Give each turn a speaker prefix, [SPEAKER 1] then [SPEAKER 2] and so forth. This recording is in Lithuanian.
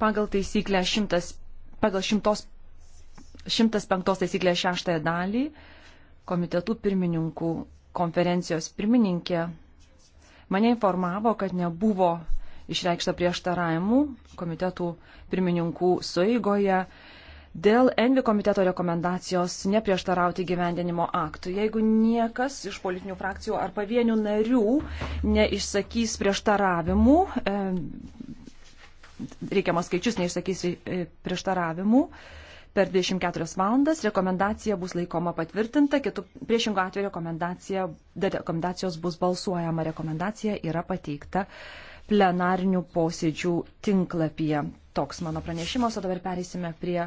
[SPEAKER 1] pagal taisyklę 100, pagal 100, 105 taisyklę 6 dalį komitetų pirmininkų konferencijos pirmininkė mane informavo, kad nebuvo išreikšta prieštaravimų komitetų pirmininkų sueigoje dėl Envi komiteto rekomendacijos neprieštarauti gyvendinimo aktų. Jeigu niekas iš politinių frakcijų ar pavienių narių neišsakys prieštaravimų, e, reikiamos skaičius, neišsakysi e, prieštaravimų. Per 24 valandas rekomendacija bus laikoma patvirtinta, kitų priešingų atveju rekomendacija, rekomendacijos bus balsuojama. Rekomendacija yra pateikta plenarinių posėdžių tinklapyje. Toks mano pranešimas, o dabar pereisime prie